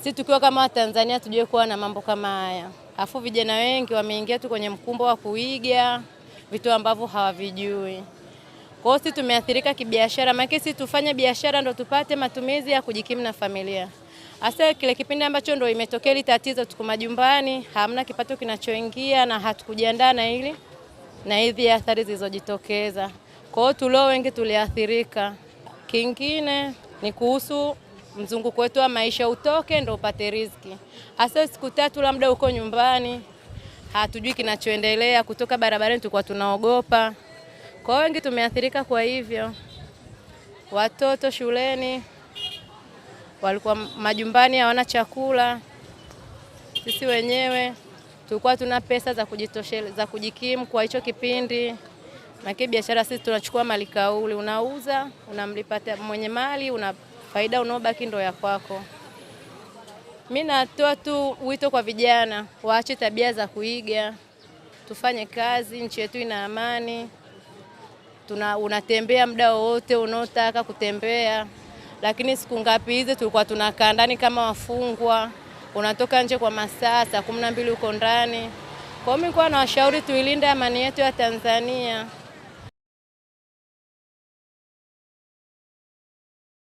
si tukiwa kama Tanzania tujue kuwa na mambo kama haya, Alafu vijana wengi wameingia tu kwenye mkumbo wa kuiga vitu ambavyo hawavijui. Kwa hiyo sisi tumeathirika kibiashara, maana sisi tufanye biashara ndo tupate matumizi ya kujikimu na familia. Hasa kile kipindi ambacho ndo imetokea ile tatizo, tuko majumbani, hamna kipato kinachoingia na hatukujiandaa na hili na hizi athari zilizojitokeza. Kwa hiyo tulio wengi tuliathirika. Kingine ni kuhusu mzunguko wetu wa maisha utoke ndo upate riziki. Hasa siku tatu labda uko nyumbani, hatujui kinachoendelea, kutoka barabarani tulikuwa tunaogopa. Kwa wengi tumeathirika, kwa hivyo watoto shuleni walikuwa majumbani hawana chakula. Sisi wenyewe tulikuwa tuna pesa za kujitosheleza za kujikimu kwa hicho kipindi, na biashara sisi tunachukua mali kauli, unauza unamlipata mwenye mali una faida unaobaki ndo ya kwako. Mi natoa tu wito kwa vijana waache tabia za kuiga, tufanye kazi, nchi yetu ina amani. Tuna, unatembea muda wowote unaotaka kutembea, lakini siku ngapi hizi tulikuwa tunakaa ndani kama wafungwa, unatoka nje kwa masaa saa kumi na mbili uko ndani. Kwa hiyo mi kuwa na washauri tuilinde amani yetu ya Tanzania.